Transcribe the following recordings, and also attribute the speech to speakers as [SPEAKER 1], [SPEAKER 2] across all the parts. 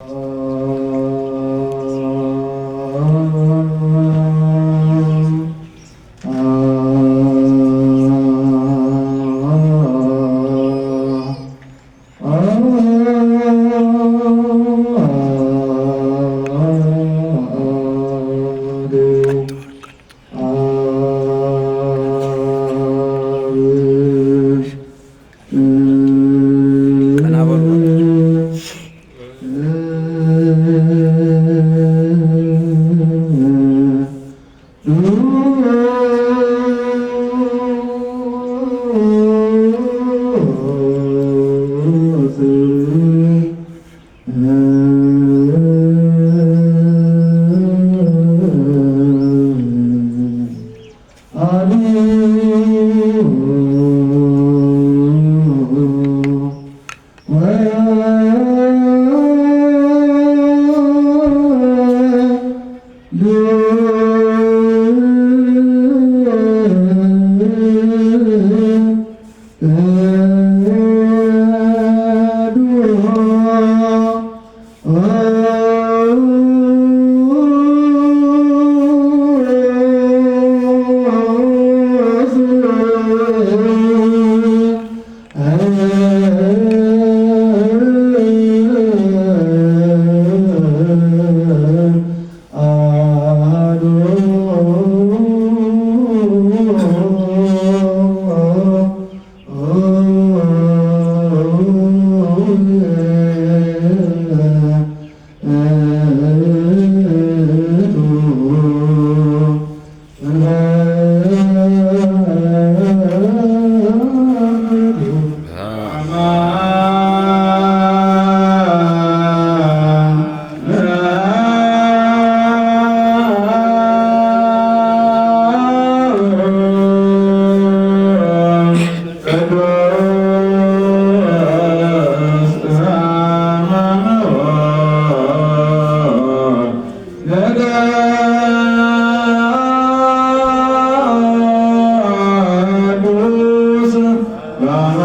[SPEAKER 1] Oh. দুই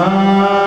[SPEAKER 1] Ah.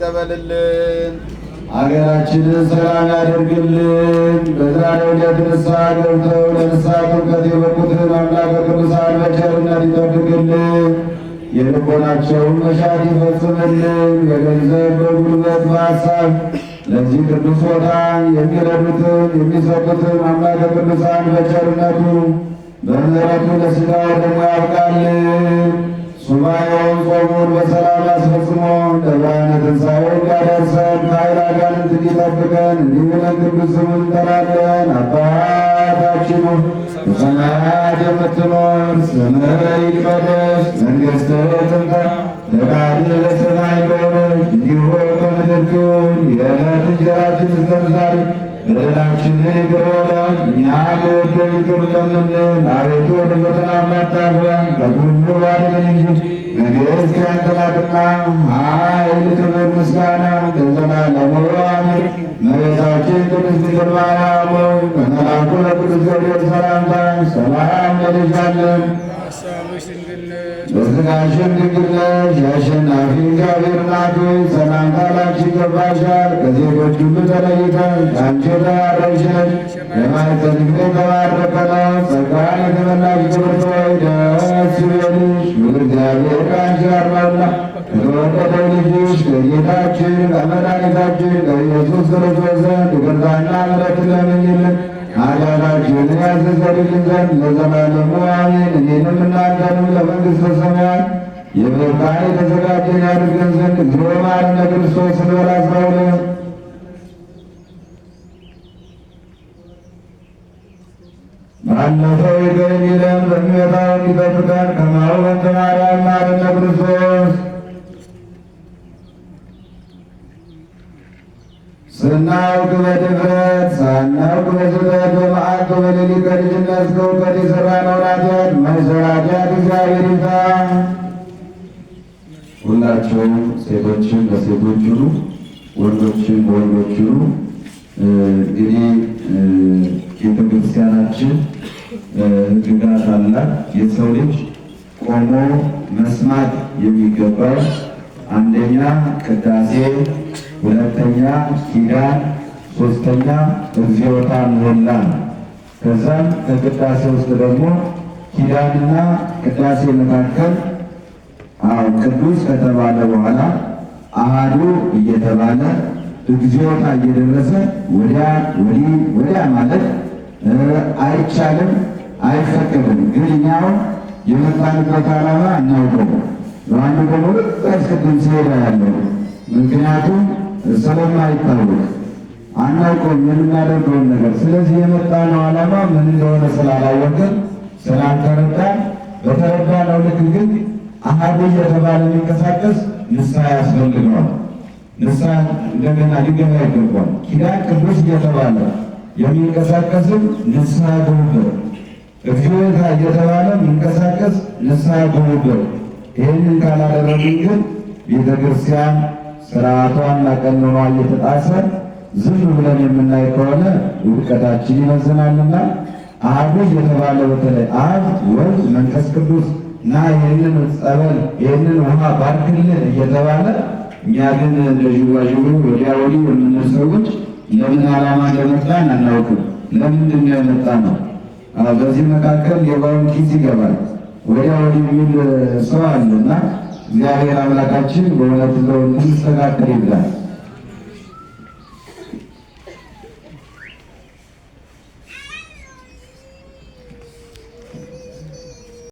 [SPEAKER 2] ይጠበልልን። አገራችንን ሰላም ያደርግልን። በዛሬ ዕለት ንስሐ ገብተው ለንስሐ ጥምቀት የበቁትን አምላከ ቅዱሳን በቸርነት ይጠብቅልን። የልቦናቸውን መሻት ይፈጽምልን። በገንዘብ በጉልበት፣ በሀሳብ ለዚህ ቅዱስ ቦታ የሚረዱትን የሚሰጡትን አምላከ ቅዱሳን በቸርነቱ በምሕረቱ ለሥጋው ደግሞ ያብቃልን። ሱባኤውን ጾሙን በሰላም አስፈጽሞ ለብርሃነ ትንሣኤው ያደርሰን ከኃይለ አጋንንት እንዲጠብቀን እንዲምለን ቅዱስ ስሙን እንጠራለን። አባታችን በሰማያት የምትኖር ስምህ ይቀደስ መንግሥትህ ትምጣ ፈቃድህ ሥጋችንን ይቅርበለን እኛም ለወደን ይቅር እንደምንል አቤቱ ወደ ፈተና አታግባን ከሁሉ አድነን እንጂ መንግሥት ካንተ ናትና፣ ኃይል፣ ክብር፣ ምስጋና ለዘላለሙ አሜን። እመቤታችን ቅድስት ድንግል ማርያም ሆይ ከመልአኩ ገብርኤል ሰላምታ ሰላም እንልሻለን። መዝናሽን ድንግል ነሽ የአሸናፊ እግዚአብሔር እናቱ ሰላምታ ላንቺ ይገባሻል። ከሴቶች ሁሉ ተለይተሽ አንቺ የተባረክሽ ነሽ፣ የማኅፀንሽ ፍሬ የተባረከ ነው። ጸጋን የተመላሽ ክብርት ሆይ ደስ ይበልሽ፣ እግዚአብሔር ከአንቺ ጋር ነውና ከተወደደው ልጅሽ ከጌታችን ከመድኃኒታችን ከኢየሱስ ክርስቶስ ዘንድ ይቅርታና ምሕረትን ለምኝልን አህዳዳችሁን ያስተሰርይልን ዘንድ ለዘላለሙ አሜን። እኔንም እናንተንም ለመንግሥተ ሰማያት የበቃን የተዘጋጀን ያድርገን ዘንድ እግዚኦ መሐረነ ክርስቶስ አስራ ሁለት ባለፈው በሚመጣው ከማሁ በንተ ማርያም ክርስቶስ ስናውቅ በድፍረት ሳናውቅ በስህተት በመዓት በሌሊት ከልጅነት እስከ እውቀት የሠራነውን ኃጢአት ማይሰራ እግዚአብሔር ይፍታ። ሁላቸውም ሴቶችን በሴቶች ሁሉ ወንዶችን በወንዶች ሁሉ እንግዲህ ቤተ ክርስቲያናችን ሕግጋት አላት። የሰው ልጅ ቆሞ መስማት የሚገባው አንደኛ ቅዳሴ ሁለተኛ ኪዳን፣ ሶስተኛ እግዚኦታ ሞላ ነው። ከዛም ከቅዳሴ ውስጥ ደግሞ ኪዳንና ቅዳሴ መካከል ቅዱስ ከተባለ በኋላ አህዱ እየተባለ እግዚኦታ እየደረሰ ወዲያ ወዲህ ወዲያ ማለት አይቻልም፣ አይፈቀድም። ግን እኛው የመጣንበት ዓላማ እናውቀው። በአንዱ ደግሞ ቅዳሴ ቅድም ሲሄዳ ያለው ምክንያቱም ስለማይታወቅ አናውቀውም የምናደርገውን ነገር። ስለዚህ የመጣነው ዓላማ ምን እንደሆነ ስላላወቅን ስላልተረዳን፣ በተረዳነው ልክ ግን አሃዱ የተባለ የሚንቀሳቀስ ንስሐ ያስፈልገዋል። ንስሐ እንደገና ሊገባ ይገባል። ኪዳን ቅዱስ እየተባለ የሚንቀሳቀስም ንስሐ ግቡበት፣ እግዚኦታ እየተባለ የሚንቀሳቀስ ንስሐ ግቡበት። ይህንን ካላደረግን ግን ቤተክርስቲያን ስርዓቷና ቀኖኗ እየተጣሰ ዝም ብለን የምናይ ከሆነ ውድቀታችን ይመዝናልና አሐዱ የተባለ በተለይ አብ፣ ወልድ፣ መንፈስ ቅዱስ እና ይህንን ጸበል ይህንን ውሃ ባርክልን እየተባለ እኛ ግን ለዥዋዥዌ ወዲያ ወዲህ የምንል ሰዎች ለምን ዓላማ እንደመጣን አናውቅም። ለምንድን ነው የመጣ ነው? በዚህ መካከል የባዩን ኪስ ይገባል ወዲያ ወዲህ የሚል ሰው አለና እግዚአብሔር አምላካችን በእውነት እንደው እንስተጋገር ይብላል።